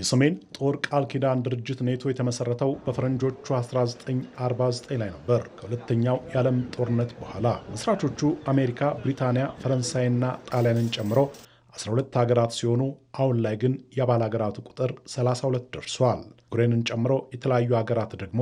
የሰሜን ጦር ቃል ኪዳን ድርጅት ኔቶ የተመሰረተው በፈረንጆቹ 1949 ላይ ነበር፣ ከሁለተኛው የዓለም ጦርነት በኋላ። መስራቾቹ አሜሪካ፣ ብሪታንያ፣ ፈረንሳይና ጣሊያንን ጨምሮ 12 ሀገራት ሲሆኑ አሁን ላይ ግን የአባል ሀገራቱ ቁጥር 32 ደርሷል። ዩክሬንን ጨምሮ የተለያዩ ሀገራት ደግሞ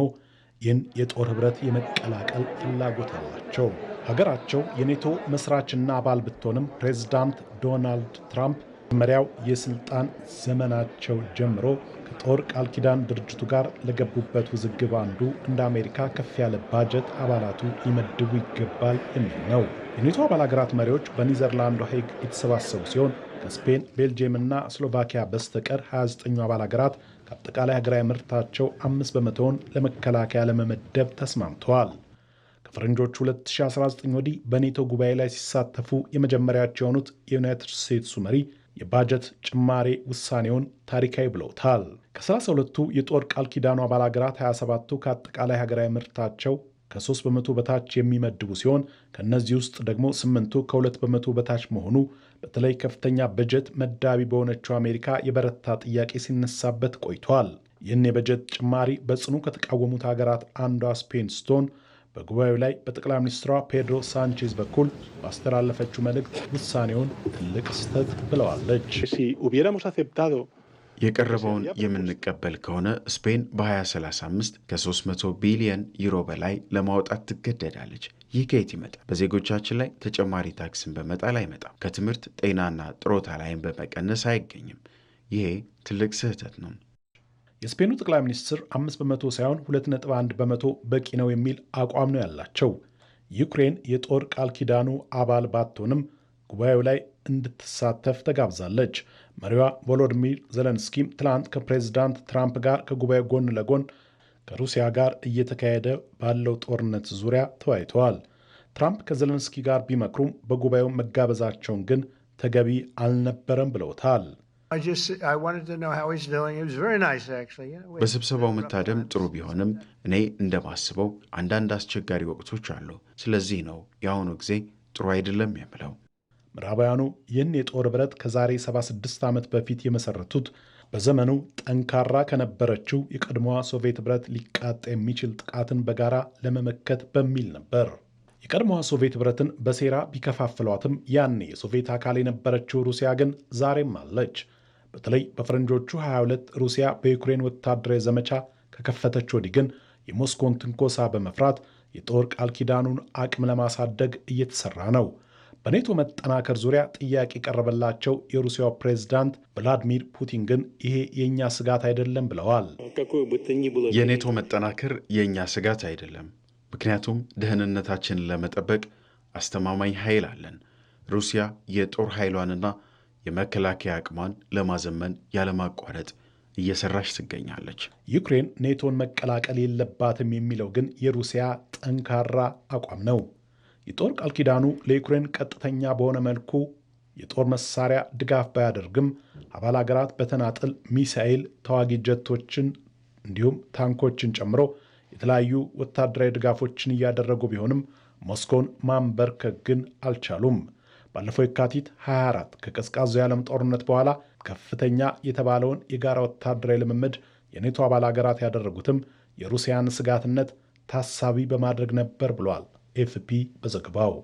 ይህን የጦር ኅብረት የመቀላቀል ፍላጎት አላቸው። ሀገራቸው የኔቶ መስራችና አባል ብትሆንም ፕሬዚዳንት ዶናልድ ትራምፕ መሪያው የስልጣን ዘመናቸው ጀምሮ ከጦር ቃል ኪዳን ድርጅቱ ጋር ለገቡበት ውዝግብ አንዱ እንደ አሜሪካ ከፍ ያለ ባጀት አባላቱ ሊመድቡ ይገባል የሚል ነው። የኔቶ አባል ሀገራት መሪዎች በኒዘርላንዱ ሄግ የተሰባሰቡ ሲሆን ከስፔን፣ ቤልጅየም እና ስሎቫኪያ በስተቀር 29ኙ አባል ሀገራት ከአጠቃላይ ሀገራዊ ምርታቸው አምስት በመቶውን ለመከላከያ ለመመደብ ተስማምተዋል። ከፈረንጆቹ 2019 ወዲህ በኔቶ ጉባኤ ላይ ሲሳተፉ የመጀመሪያቸው የሆኑት የዩናይትድ ስቴትሱ መሪ የባጀት ጭማሬ ውሳኔውን ታሪካዊ ብለውታል። 32 የጦር ቃል ኪዳኑ አባል ሀገራት 27ቱ ከአጠቃላይ ሀገራዊ ምርታቸው ከ3 በመቶ በታች የሚመድቡ ሲሆን ከእነዚህ ውስጥ ደግሞ ስምንቱ ከ2 በመቶ በታች መሆኑ በተለይ ከፍተኛ በጀት መዳቢ በሆነችው አሜሪካ የበረታ ጥያቄ ሲነሳበት ቆይቷል። ይህን የበጀት ጭማሪ በጽኑ ከተቃወሙት ሀገራት አንዷ ስፔን ስትሆን በጉባኤው ላይ በጠቅላይ ሚኒስትሯ ፔድሮ ሳንቼዝ በኩል ባስተላለፈችው መልእክት ውሳኔውን ትልቅ ስህተት ብለዋለች። የቀረበውን የምንቀበል ከሆነ ስፔን በ2035 ከ300 ቢሊየን ዩሮ በላይ ለማውጣት ትገደዳለች። ይህ ከየት ይመጣል? በዜጎቻችን ላይ ተጨማሪ ታክስን በመጣል አይመጣም። ከትምህርት ጤናና ጥሮታ ላይም በመቀነስ አይገኝም። ይሄ ትልቅ ስህተት ነው። የስፔኑ ጠቅላይ ሚኒስትር 5 በመቶ ሳይሆን 2.1 በመቶ በቂ ነው የሚል አቋም ነው ያላቸው። ዩክሬን የጦር ቃል ኪዳኑ አባል ባትሆንም ጉባኤው ላይ እንድትሳተፍ ተጋብዛለች። መሪዋ ቮሎዲሚር ዘለንስኪም ትላንት ከፕሬዚዳንት ትራምፕ ጋር ከጉባኤው ጎን ለጎን ከሩሲያ ጋር እየተካሄደ ባለው ጦርነት ዙሪያ ተወያይተዋል። ትራምፕ ከዘለንስኪ ጋር ቢመክሩም በጉባኤው መጋበዛቸውን ግን ተገቢ አልነበረም ብለውታል። በስብሰባው መታደም ጥሩ ቢሆንም እኔ እንደማስበው አንዳንድ አስቸጋሪ ወቅቶች አሉ። ስለዚህ ነው የአሁኑ ጊዜ ጥሩ አይደለም የምለው። ምዕራባውያኑ ይህን የጦር ብረት ከዛሬ 76 ዓመት በፊት የመሰረቱት በዘመኑ ጠንካራ ከነበረችው የቀድሞዋ ሶቪየት ብረት ሊቃጣ የሚችል ጥቃትን በጋራ ለመመከት በሚል ነበር። የቀድሞዋ ሶቪየት ብረትን በሴራ ቢከፋፍሏትም ያኔ የሶቪየት አካል የነበረችው ሩሲያ ግን ዛሬም አለች። በተለይ በፈረንጆቹ 22 ሩሲያ በዩክሬን ወታደራዊ ዘመቻ ከከፈተች ወዲህ ግን የሞስኮን ትንኮሳ በመፍራት የጦር ቃል ኪዳኑን አቅም ለማሳደግ እየተሰራ ነው። በኔቶ መጠናከር ዙሪያ ጥያቄ የቀረበላቸው የሩሲያው ፕሬዝዳንት ቭላድሚር ፑቲን ግን ይሄ የእኛ ስጋት አይደለም ብለዋል። የኔቶ መጠናከር የእኛ ስጋት አይደለም፣ ምክንያቱም ደህንነታችንን ለመጠበቅ አስተማማኝ ኃይል አለን። ሩሲያ የጦር ኃይሏንና የመከላከያ አቅሟን ለማዘመን ያለማቋረጥ እየሰራች ትገኛለች። ዩክሬን ኔቶን መቀላቀል የለባትም የሚለው ግን የሩሲያ ጠንካራ አቋም ነው። የጦር ቃል ኪዳኑ ለዩክሬን ቀጥተኛ በሆነ መልኩ የጦር መሳሪያ ድጋፍ ባያደርግም አባል ሀገራት በተናጠል ሚሳኤል፣ ተዋጊ ጀቶችን እንዲሁም ታንኮችን ጨምሮ የተለያዩ ወታደራዊ ድጋፎችን እያደረጉ ቢሆንም ሞስኮን ማንበርከክ ግን አልቻሉም። ባለፈው የካቲት 24 ከቀዝቃዛው የዓለም ጦርነት በኋላ ከፍተኛ የተባለውን የጋራ ወታደራዊ ልምምድ የኔቶ አባል አገራት ያደረጉትም የሩሲያን ስጋትነት ታሳቢ በማድረግ ነበር ብሏል ኤፍፒ በዘግባው